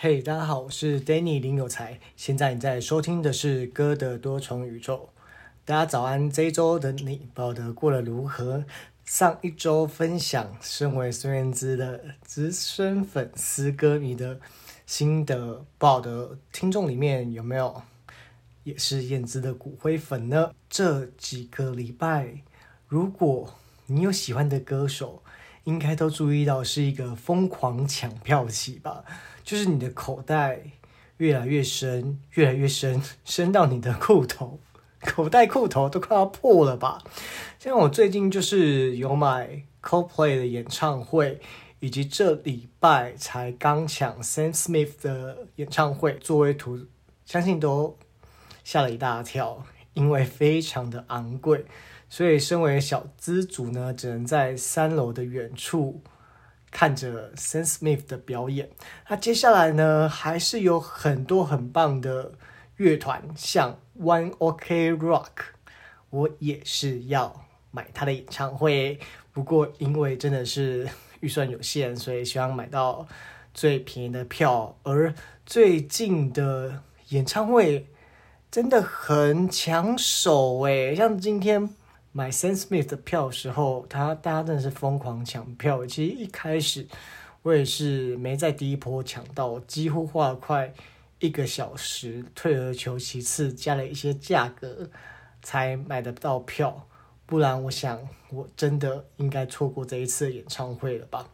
嘿，hey, 大家好，我是 Danny 林有才。現在你在收聽的是《歌的多重宇宙》。大家早安，這一周的你，報的過得如何？上一周分享身為孫燕姿的資深粉絲歌迷的心得，報的聽眾裡面有沒有也是燕姿的骨灰粉呢？這幾個禮拜，如果你有喜歡的歌手，應該都注意到是一個瘋狂搶票期吧。就是你的口袋越來越深，越來越深深到你的褲頭，口袋褲頭都快要破了吧？像我最近就是有買 Coldplay 的演唱會，以及這禮拜才剛搶 Sam Smith 的演唱會座位圖，相信都嚇了一大跳，因為非常的昂貴，所以身為小資族呢，只能在三樓的遠處。看着 Sin Smith 的表演，那、啊、接下來呢，還是有很多很棒的樂團，像 One OK Rock，我也是要買他的演唱會。不過因為真的是預算有限，所以希望買到最便宜的票。而最近的演唱會真的很搶手誒、欸，像今天。買 Sam Smith 的票的時候，他大家真的是瘋狂搶票。其實一開始我也是沒在第一波搶到，幾乎花了快一個小時，退而求其次，加了一些價格才買得到票。不然我想我真的應該錯過這一次演唱會了吧。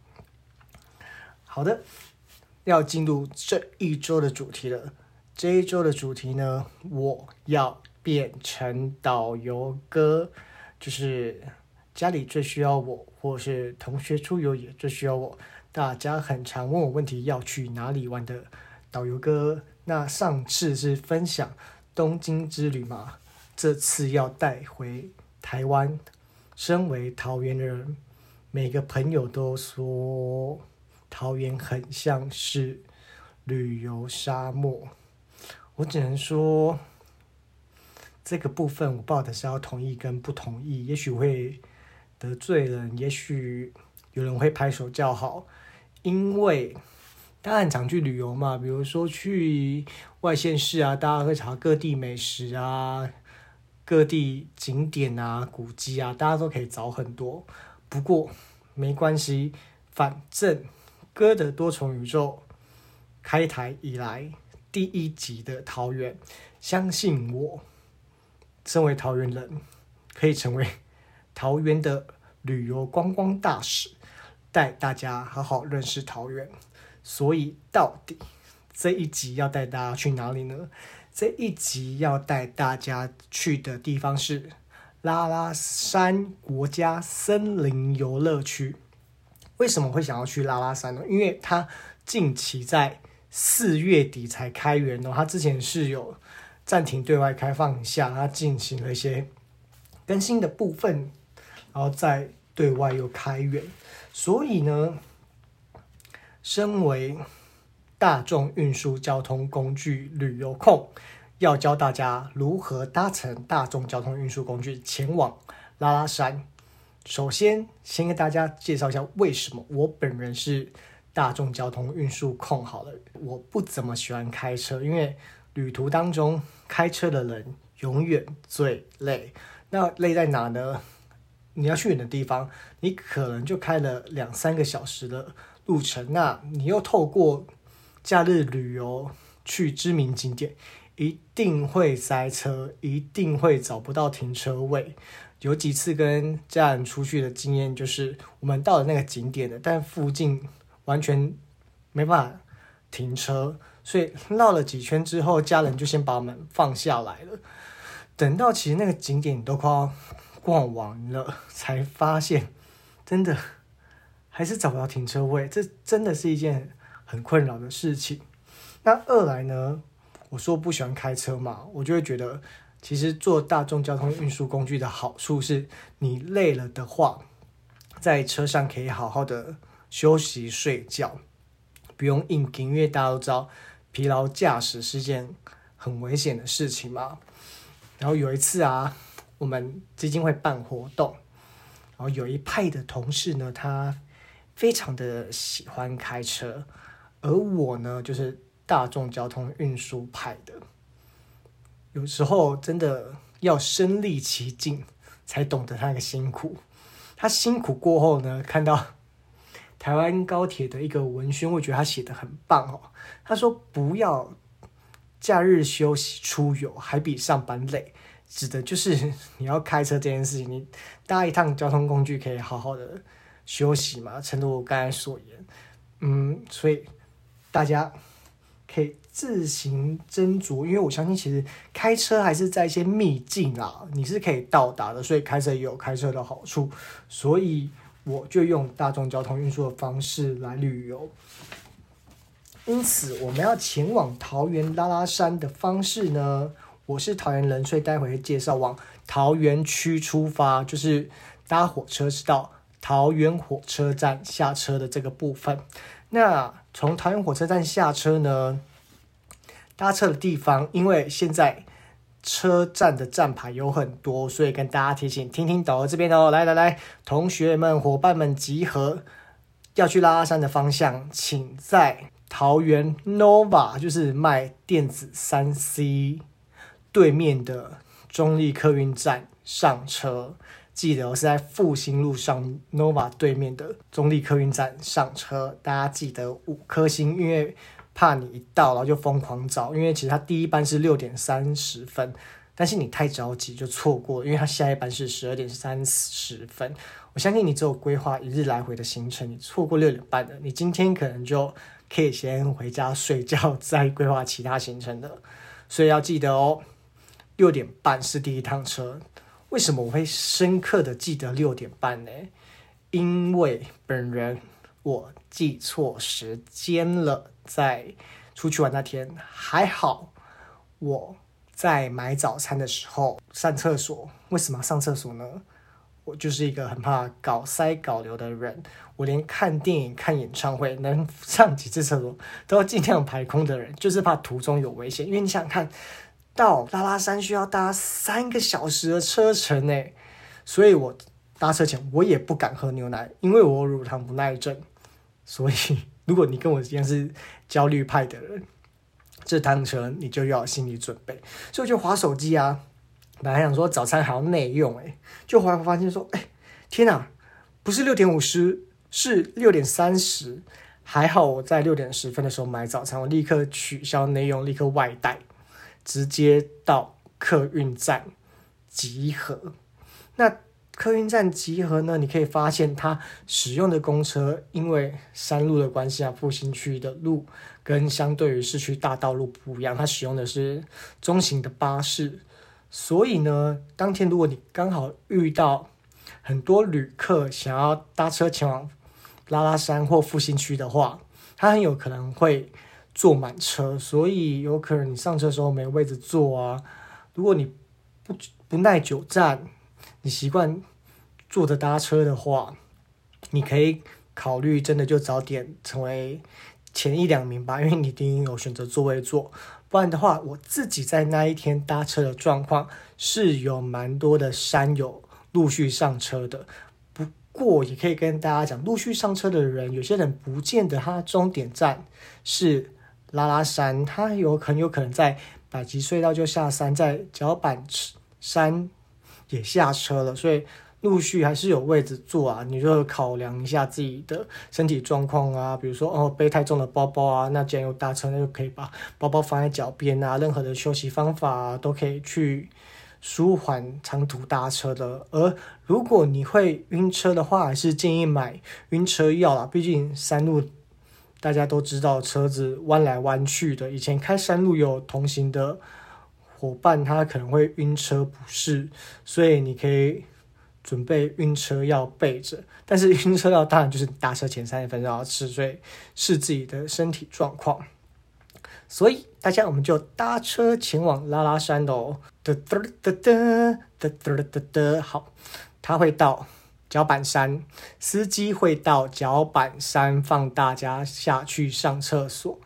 好的，要進入這一周的主題了。這一周的主題呢，我要變成導遊哥。就是家裡最需要我，或是同學出遊也最需要我。大家很常問我問題，要去哪裡玩的，導遊哥。那上次是分享東京之旅嘛？這次要帶回台灣。身為桃園的人，每個朋友都說桃園很像是旅遊沙漠。我只能說。這個部分我報的是要同意跟不同意，也許會得罪人，也許有人會拍手叫好，因為大家很常去旅遊嘛，比如說去外縣市啊，大家會查各地美食啊、各地景點啊、古蹟啊，大家都可以找很多。不過沒關係，反正歌的多重宇宙開台以來第一集的桃園，相信我。身為桃園人，可以成為桃園的旅遊觀光大使，帶大家好好認識桃園。所以，到底這一集要帶大家去哪裡呢？這一集要帶大家去的地方是拉拉山國家森林遊樂區。為什麼會想要去拉拉山呢？因為它近期在四月底才開園哦，它之前是有。暫停對外開放一下，它進行了一些更新的部分，然後再對外又開源。所以呢，身為大眾運輸交通工具旅遊控，要教大家如何搭乘大眾交通運輸工具前往拉拉山。首先，先給大家介紹一下為什麼我本人是大眾交通運輸控。好了，我不怎麼喜歡開車，因為。旅途當中，開車的人永遠最累。那累在哪呢？你要去遠的地方，你可能就開了兩三個小時的路程。那你又透過假日旅遊去知名景點，一定會塞車，一定會找不到停車位。有幾次跟家人出去的經驗，就是我們到了那個景點了，但附近完全沒辦法停車。所以繞了幾圈之後，家人就先把我們放下來了。等到其實那個景點都快要逛完了，才發現真的還是找不到停車位，這真的是一件很困擾的事情。那二來呢，我說不喜歡開車嘛，我就會覺得，其實坐大眾交通運輸工具的好處是，你累了的話，在車上可以好好的休息睡覺，不用硬擠，因為大家都知道。疲勞駕駛是件很危險的事情嘛。然後有一次啊，我們基金會辦活動，然後有一派的同事呢，他非常的喜歡開車，而我呢，就是大眾交通運輸派的。有時候真的要身歷其境，才懂得他那個辛苦。他辛苦過後呢，看到。台灣高鐵的一個文宣，我覺得他寫的很棒哦。他說：“不要假日休息出遊還比上班累”，指的就是你要開車這件事情，你搭一趟交通工具可以好好的休息嘛。誠如我剛才所言，嗯，所以大家可以自行斟酌，因為我相信其實開車還是在一些秘境啊，你是可以到達的，所以開車也有開車的好處，所以。我就用大眾交通運輸的方式來旅遊，因此我們要前往桃園拉拉山的方式呢，我是桃園人，所以待會會介紹往桃園區出發，就是搭火車到桃園火車站下車的這個部分。那從桃園火車站下車呢，搭車的地方，因為現在。車站的站牌有很多，所以跟大家提醒，聽聽導遊這邊哦、喔。來來來，同學們、夥伴們集合，要去拉拉山的方向，請在桃園 Nova 就是賣電子三 C 對面的中壢客運站上車。記得我是在復興路上 Nova 對面的中壢客運站上車，大家記得五顆星，因為。怕你一到，然後就瘋狂找，因為其實他第一班是六點三十分，但是你太着急就錯過了，因為他下一班是十二點三十分。我相信你只有規劃一日來回的行程，你錯過六點半的，你今天可能就可以先回家睡覺，再規劃其他行程的。所以要記得哦，六點半是第一趟車。為什麼我會深刻的記得六點半呢？因為本人我記錯時間了。在出去玩那天還好，我在買早餐的時候上廁所。為什麼要上廁所呢？我就是一個很怕搞塞搞流的人，我連看電影、看演唱會能上幾次廁所都要盡量排空的人，就是怕途中有危險。因為你想想看，到拉拉山需要搭三個小時的車程呢，所以我搭車前我也不敢喝牛奶，因為我乳糖不耐症，所以。如果你跟我之間是焦慮派的人，這趟車你就要有心理準備。所以我就滑手機啊，本來想說早餐還要內用、欸，哎，就後來發現說，哎、欸，天哪，不是六點五十，是六點三十。還好我在六點十分的時候買早餐，我立刻取消內用，立刻外帶，直接到客運站集合。那客運站集合呢，你可以發現，它使用的公車，因為山路的關係啊，復興區的路跟相對於市區大道路不一樣，它使用的是中型的巴士。所以呢，當天如果你剛好遇到很多旅客想要搭車前往拉拉山或復興區的話，它很有可能會坐滿車，所以有可能你上車的時候沒位置坐啊。如果你不不耐久站。你習慣坐着搭車的話，你可以考慮真的就早點成為前一兩名吧，因為你一定有選擇座位坐。不然的話，我自己在那一天搭車的狀況是有蠻多的山友陸續上車的。不過也可以跟大家講，陸續上車的人，有些人不見得他終點站是拉拉山，他有很有可能在百吉隧道就下山，在角板山。也下車了，所以陸續還是有位置坐啊。你就要考量一下自己的身體狀況啊，比如說哦背太重的包包啊，那既然有搭車，那就可以把包包放在腳邊啊。任何的休息方法啊，都可以去舒緩長途搭車的。而如果你會暈車的話，還是建議買暈車藥啦。畢竟山路大家都知道，車子彎來彎去的。以前開山路有同行的。夥伴他可能會暈車不適，所以你可以準備暈車藥備着。但是暈車藥當然就是搭車前三十分鐘要吃，所以視自己的身體狀況。所以大家我們就搭車前往拉拉山嘍！嘟嘟嘟嘟嘟嘟嘟，好，他會到角板山，司機會到角板山放大家下去上廁所。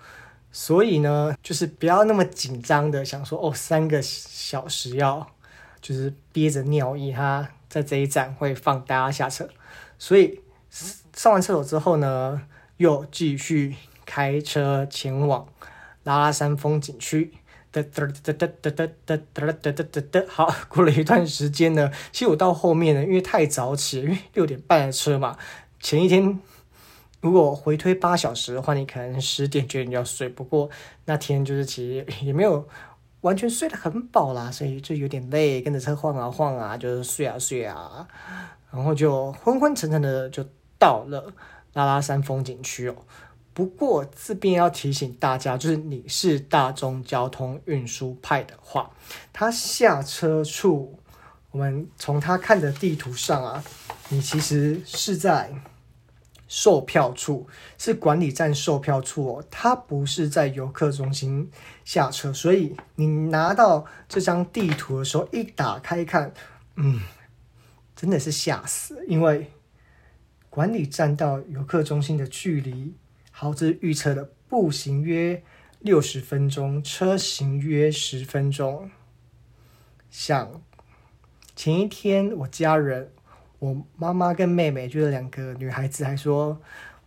所以呢，就是不要那麼緊張的想說哦，三個小時要就是憋着尿意，哈，在這一站會放大家下車。所以上完廁所之後呢，又繼續開車前往拉拉山風景區。噠噠噠噠噠噠噠噠噠噠噠噠。好，過了一段時間呢，其實我到後面呢，因為太早起，因為六點半的車嘛，前一天。如果回推八小時的話，你可能十點覺得你就要睡。不過那天就是其實也沒有完全睡得很飽啦，所以就有點累，跟着車晃啊晃啊，就是睡啊睡啊，然後就昏昏沉沉的就到了拉拉山風景區哦。不過這邊要提醒大家，就是你是大眾交通運輸派的話，他下車處，我們從他看的地圖上啊，你其實是在。售票處是管理站售票處哦，它不是在遊客中心下車，所以你拿到這張地圖的時候，一打開一看，嗯，真的是嚇死，因為管理站到遊客中心的距離，好，這是預測的步行約六十分鐘，車行約十分鐘。像前一天我家人。我媽媽跟妹妹就是兩個女孩子，還說：“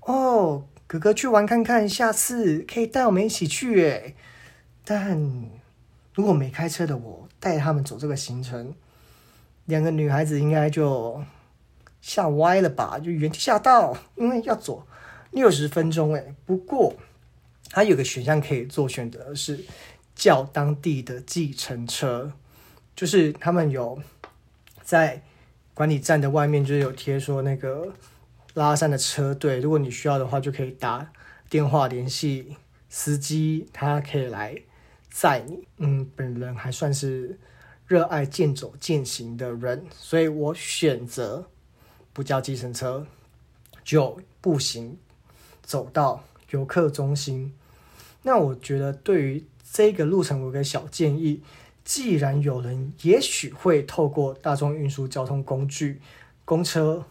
哦，哥哥去玩看看，下次可以帶我們一起去。”哎，但如果沒開車的我帶他們走這個行程，兩個女孩子應該就嚇歪了吧？就原地嚇到，因為要走六十分鐘哎。不過還有個選項可以做選擇，是叫當地的計程車，就是他們有在。管理站的外面就是有貼說那個拉山的車隊，如果你需要的話，就可以打電話聯繫司機，他可以來載你。嗯，本人還算是熱愛健走健行的人，所以我選擇不叫計程車，就步行走到遊客中心。那我覺得對於這個路程，我有個小建議。既然有人也許會透過大眾運輸交通工具公車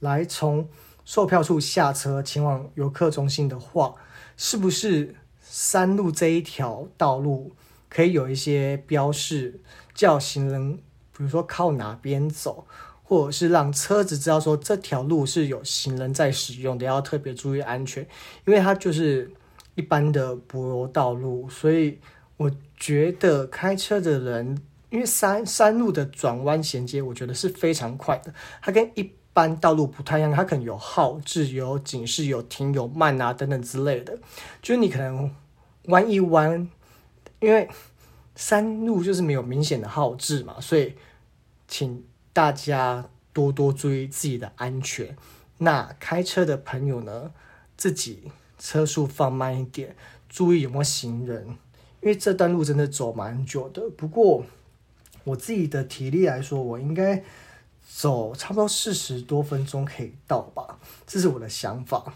來從售票處下車前往遊客中心的話，是不是山路這一條道路可以有一些標示，叫行人，比如說靠哪邊走，或者是讓車子知道說這條路是有行人在使用的，要特別注意安全，因為它就是一般的柏油道路，所以。我覺得開車的人，因為山山路的轉彎銜接，我覺得是非常快的。它跟一般道路不太一樣，它可能有號誌、有警示、有停、有慢啊等等之類的。就是你可能彎一彎，因為山路就是沒有明顯的號誌嘛，所以請大家多多注意自己的安全。那開車的朋友呢，自己車速放慢一點，注意有沒有行人。因為這段路真的走蠻久的，不過我自己的體力來說，我應該走差不多四十多分鐘可以到吧，這是我的想法。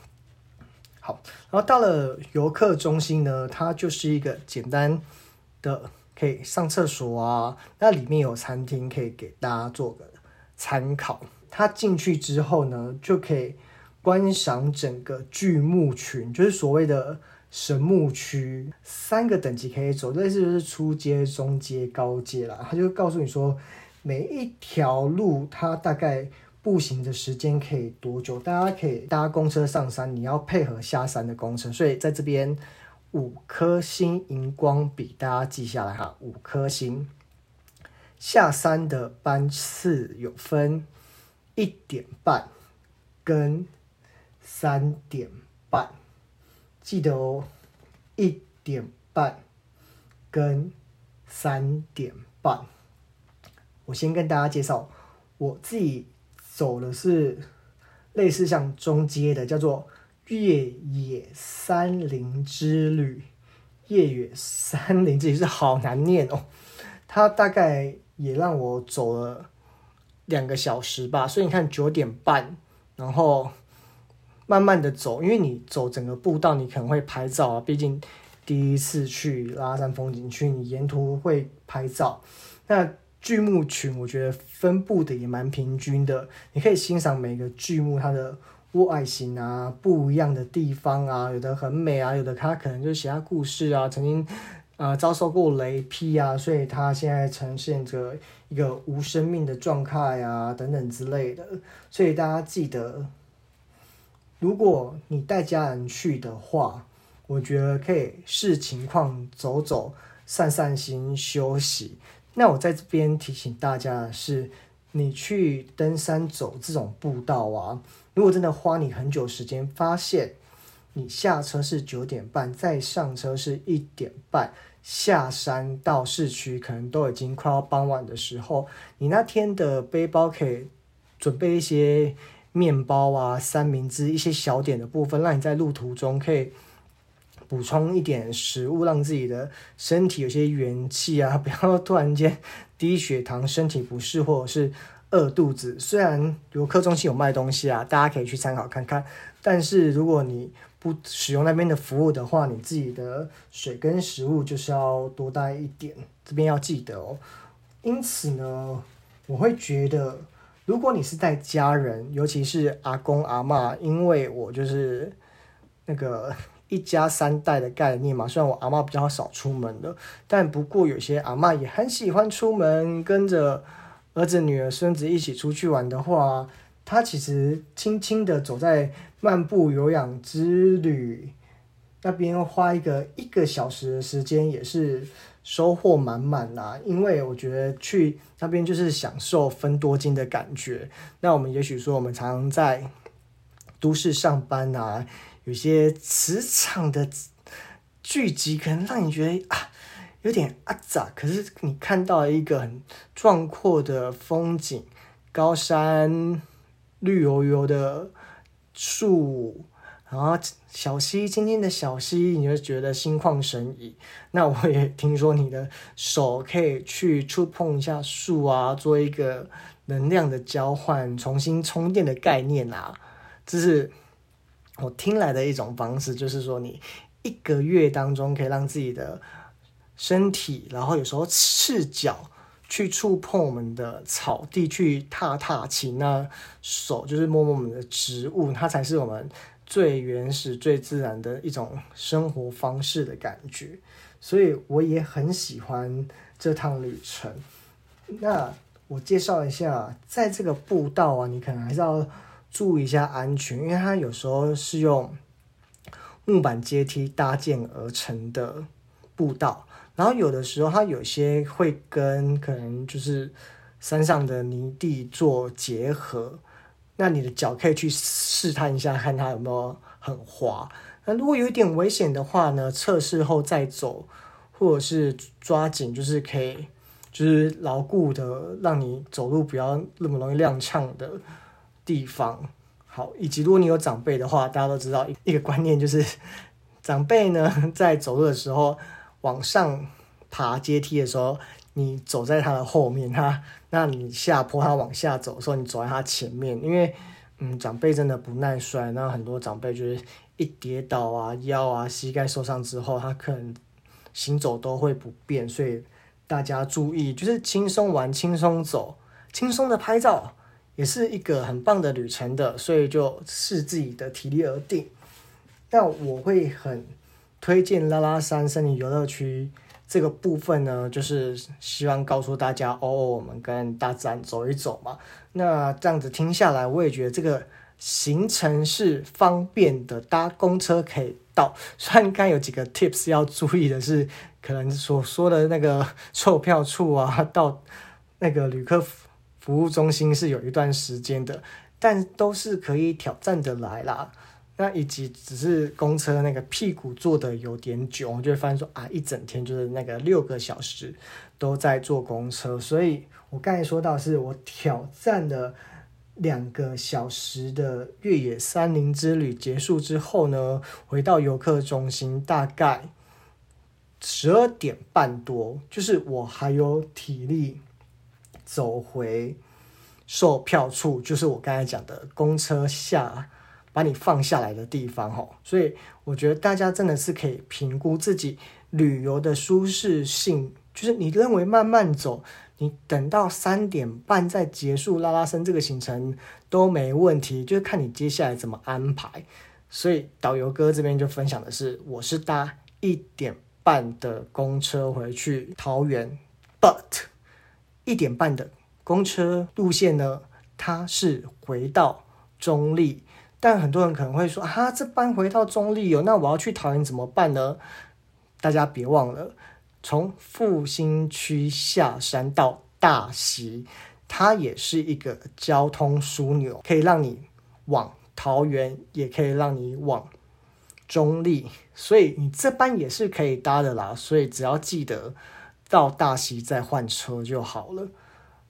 好，然後到了遊客中心呢，它就是一個簡單的可以上廁所啊，那裡面有餐廳，可以給大家做個參考。它進去之後呢，就可以觀賞整個巨木群，就是所謂的。神木區三個等級可以走，類似就是初階、中階、高階啦。他就告訴你說，每一條路它大概步行的時間可以多久？大家可以搭公車上山，你要配合下山的公車，所以在這邊五顆星熒光筆，大家記下來哈，五顆星。下山的班次有分一點半跟三點半。記得哦，一點半跟三點半。我先跟大家介紹，我自己走的是類似像中階的，叫做越野山林之旅。越野山林之旅也是好難念哦，它大概也讓我走了兩個小時吧。所以你看九點半，然後。慢慢的走，因為你走整個步道，你可能會拍照啊。畢竟第一次去拉山風景區，你沿途會拍照。那巨木群，我覺得分布的也蠻平均的，你可以欣賞每個巨木它的外形啊，不一樣的地方啊，有的很美啊，有的它可能就是其他故事啊，曾經啊、呃、遭受過雷劈啊，所以它現在呈現着一個無生命的狀態啊，等等之類的。所以大家記得。如果你帶家人去的話，我覺得可以視情況走走、散散心、休息。那我在這邊提醒大家的是，你去登山走這種步道啊，如果真的花你很久時間，發現你下車是九點半，再上車是一點半，下山到市區可能都已經快要傍晚的時候，你那天的背包可以準備一些。麵包啊，三明治一些小點的部分，讓你在路途中可以補充一點食物，讓自己的身體有些元氣啊，不要突然間低血糖、身體不適或者是餓肚子。雖然遊客中心有賣東西啊，大家可以去參考看看，但是如果你不使用那邊的服務的話，你自己的水跟食物就是要多帶一點，這邊要記得哦。因此呢，我會覺得。如果你是帶家人，尤其是阿公阿嬤，因為我就是那個一家三代的概念嘛。雖然我阿嬤比較少出門的，但不過有些阿嬤也很喜歡出門，跟着兒子、女兒、孫子一起出去玩的話，她其實輕輕的走在漫步有氧之旅那邊，花一個一個小時的時間也是收穫滿滿啦，因為我覺得去那邊就是享受芬多精的感覺。那我們也許說，我們常常在都市上班吶、啊，有些磁場的聚集可能讓你覺得啊有點阿雜，可是你看到一個很壯闊的風景，高山綠油油的樹。啊，小溪，今天的小溪，你就覺得心曠神怡。那我也聽說你的手可以去觸碰一下樹啊，做一個能量的交換，重新充電的概念啊，這是我聽來的一種方式。就是說，你一個月當中可以讓自己的身體，然後有時候赤腳去觸碰我們的草地，去踏踏青啊，那手就是摸摸我們的植物，它才是我們。最原始、最自然的一種生活方式的感覺，所以我也很喜歡這趟旅程。那我介紹一下，在這個步道啊，你可能還是要注意一下安全，因為它有時候是用木板階梯搭建而成的步道，然後有的時候它有些會跟可能就是山上的泥地做結合。那你的腳可以去試探一下，看它有沒有很滑。那如果有一點危險的話呢，測試後再走，或者是抓緊，就是可以，就是牢固的，讓你走路不要那麼容易踉蹌的地方。好，以及如果你有長輩的話，大家都知道一一個觀念就是，長輩呢在走路的時候往上爬階梯的時候。你走在他的後面，他那你下坡，他往下走的時候，你走在他前面，因為嗯，長輩真的不耐摔，那很多長輩就是一跌倒啊，腰啊、膝蓋受傷之後，他可能行走都會不便，所以大家注意，就是輕鬆玩、輕鬆走、輕鬆的拍照，也是一個很棒的旅程的，所以就視自己的體力而定。那我會很推薦拉拉山森林遊樂區。這個部分呢，就是希望告訴大家哦，我們跟大自然走一走嘛。那這樣子聽下來，我也覺得這個行程是方便的，搭公車可以到。雖然剛剛有幾個 tips 要注意的是，可能所說的那個售票處啊，到那個旅客服務中心是有一段時間的，但都是可以挑戰的來啦。那以及只是公車那個屁股坐的有點久，我就會發現說啊，一整天就是那個六個小時都在坐公車。所以我剛才說到是我挑戰了兩個小時的越野山林之旅，結束之後呢，回到遊客中心，大概十二點半多，就是我還有體力走回售票處，就是我剛才講的公車下，把你放下來的地方，吼，所以我覺得大家真的是可以評估自己旅遊的舒適性，就是你認為慢慢走，你等到三點半再結束拉拉山這個行程都沒問題，就是看你接下來怎麼安排。所以導遊哥這邊就分享的是，我是搭一點半的公車回去桃園，but 一點半的公車路線呢，它是回到中壢。但很多人可能會說啊，這班回到中壢哦，那我要去桃園怎麼辦呢？大家別忘了，從復興區下山到大溪，它也是一個交通樞紐，可以讓你往桃園，也可以讓你往中壢，所以你這班也是可以搭的啦。所以只要記得到大溪再換車就好了。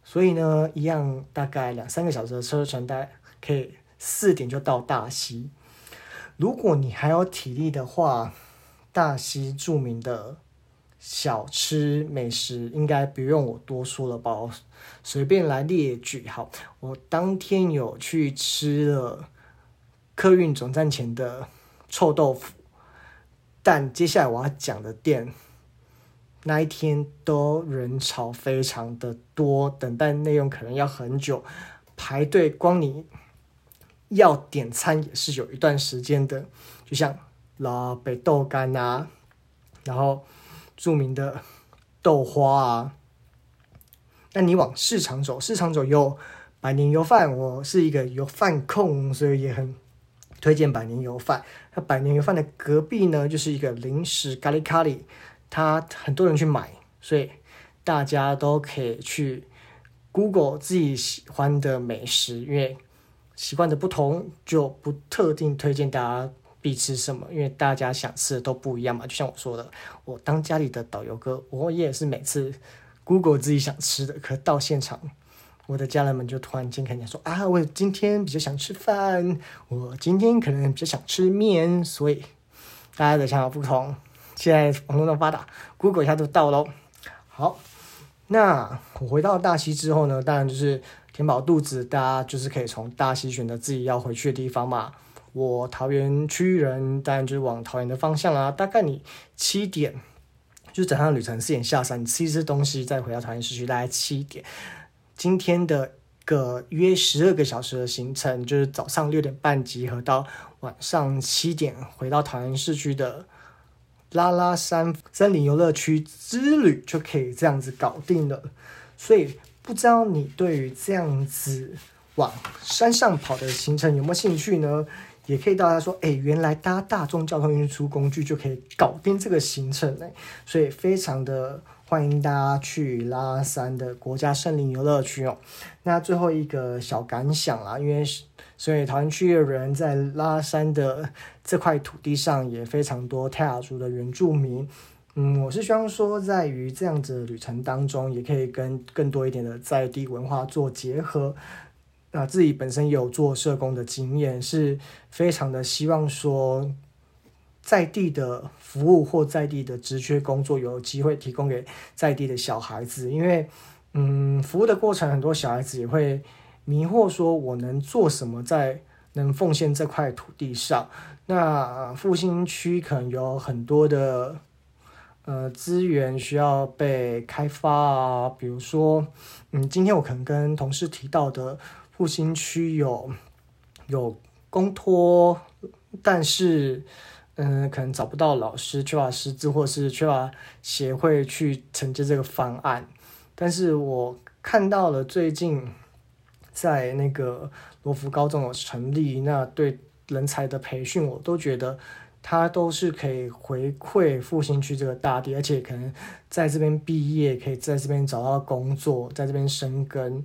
所以呢，一樣大概兩三個小時的車程，大家可以。四點就到大溪，如果你還有體力的話，大溪著名的小吃美食應該不用我多說了吧？隨便來列舉，好，我當天有去吃了客運總站前的臭豆腐，但接下來我要講的店，那一天都人潮非常的多，等待內容可能要很久，排隊光你。要點餐也是有一段時間的，就像老北豆乾啊，然後著名的豆花啊。那你往市場走，市場走有百年油飯，我是一個油飯控，所以也很推薦百年油飯。那百年油飯的隔壁呢，就是一個零食咖喱、咖喱，它，很多人去買，所以大家都可以去 Google 自己喜歡的美食，因為。習慣的不同，就不特定推薦大家必吃什麼，因為大家想吃的都不一樣嘛。就像我說的，我當家裡的導遊哥，我也是每次 Google 自己想吃的，可到現場，我的家人們就突然間看見說，啊，我今天比較想吃飯，我今天可能比較想吃麵，所以大家的想法不同。現在網絡那麼發達，Google 一下就到咯。好，那我回到大溪之後呢，當然就是。填飽肚子，大家就是可以從大溪選擇自己要回去的地方嘛。我桃園區人，當然就是往桃園的方向啦，啊。大概你七點就是整個旅程，四點下山，你吃一吃東西再回到桃園市區，大概七點。今天的一個約十二個小時的行程，就是早上六點半集合到晚上七點回到桃園市區的拉拉山森林遊樂區之旅，就可以這樣子搞定了。所以。不知道你對於這樣子往山上跑的行程有沒有興趣呢？也可以大家說，哎、欸，原來搭大眾交通運輸工具就可以搞定這個行程嘞，所以非常的歡迎大家去拉拉山的國家森林遊樂區哦。那最後一個小感想啦，因為所以桃園區的人在拉拉山的這塊土地上也非常多泰雅族的原住民。嗯，我是希望說，在於這樣子的旅程當中，也可以跟更多一點的在地文化做結合。那、啊、自己本身有做社工的經驗，是非常的希望說，在地的服務或在地的職缺工作，有機會提供給在地的小孩子。因為，嗯，服務的過程，很多小孩子也會迷惑說，我能做什麼，在能奉獻這塊土地上。那復興區可能有很多的。呃，資源需要被開發啊，比如說，嗯，今天我可能跟同事提到的，復興區有有公托，但是，嗯、呃，可能找不到老師，缺乏師資，或是缺乏協會去承接這個方案。但是我看到了最近在那個羅浮高中有成立那對人才的培訓，我都覺得。他都是可以回饋復興區這個大地，而且可能在這邊畢業，可以在這邊找到工作，在這邊生根，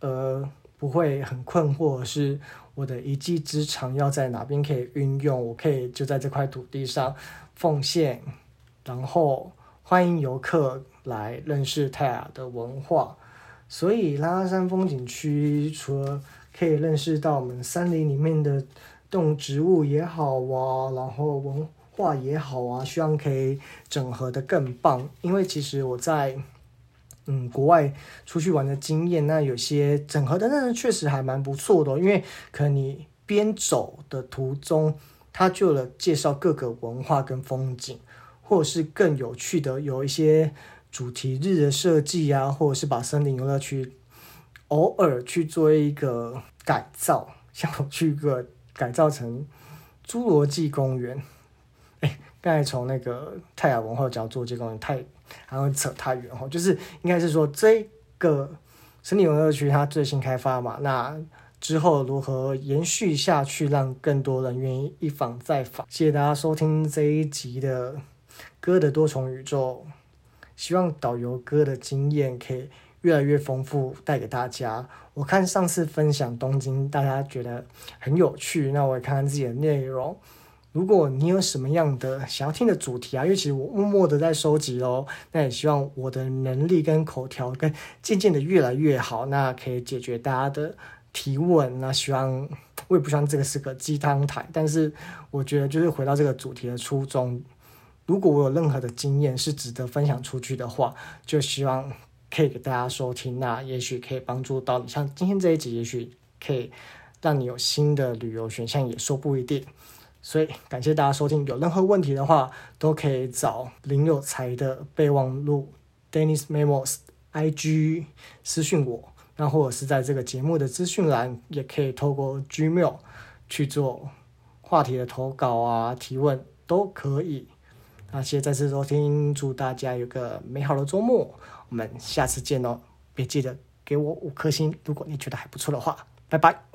呃，不會很困惑，是我的一技之長要在哪邊可以運用，我可以就在這塊土地上奉獻，然後歡迎遊客來認識泰雅的文化。所以，拉拉山風景區除了可以認識到我們山林裡面的。動植物也好哇、啊，然後文化也好啊，希望可以整合的更棒。因為其實我在嗯國外出去玩的經驗，那有些整合的，那確實還蠻不錯的、哦。因為可能你邊走的途中，它就有了介紹各個文化跟風景，或者是更有趣的，有一些主題日的設計啊，或者是把森林遊樂區偶爾去做一個改造，像我去個。改造成侏羅紀公園，哎、欸，剛才從那個泰雅文化角度這公園太，然後扯太遠哦。就是應該是說這個森林遊樂區它最新開發嘛，那之後如何延續下去，讓更多人願意一訪再訪？謝謝大家收聽這一集的《哥的多重宇宙》，希望導遊哥的經驗可以。越來越豐富帶給大家。我看上次分享東京，大家覺得很有趣，那我也看看自己的內容。如果你有什麼樣的想要聽的主題啊，因為其實我默默的在收集哦。那也希望我的能力跟口條跟漸漸的越來越好，那可以解決大家的提問。那希望我也不希望這個是個雞湯台，但是我覺得就是回到這個主題的初衷。如果我有任何的經驗是值得分享出去的話，就希望。可以給大家收聽，那也許可以幫助到你，像今天這一集，也許可以讓你有新的旅遊選項，也說不一定。所以感謝大家收聽，有任何問題的話，都可以找林有才的備忘錄 （Danny's Memos）IG 私信我，那或者是在這個節目的資訊欄，也可以透過 Gmail 去做話題的投稿啊、提問都可以。那謝謝再次收聽，祝大家有個美好的周末。我們下次見哦！別忘了給我五顆星，如果你覺得還不錯的話。拜拜。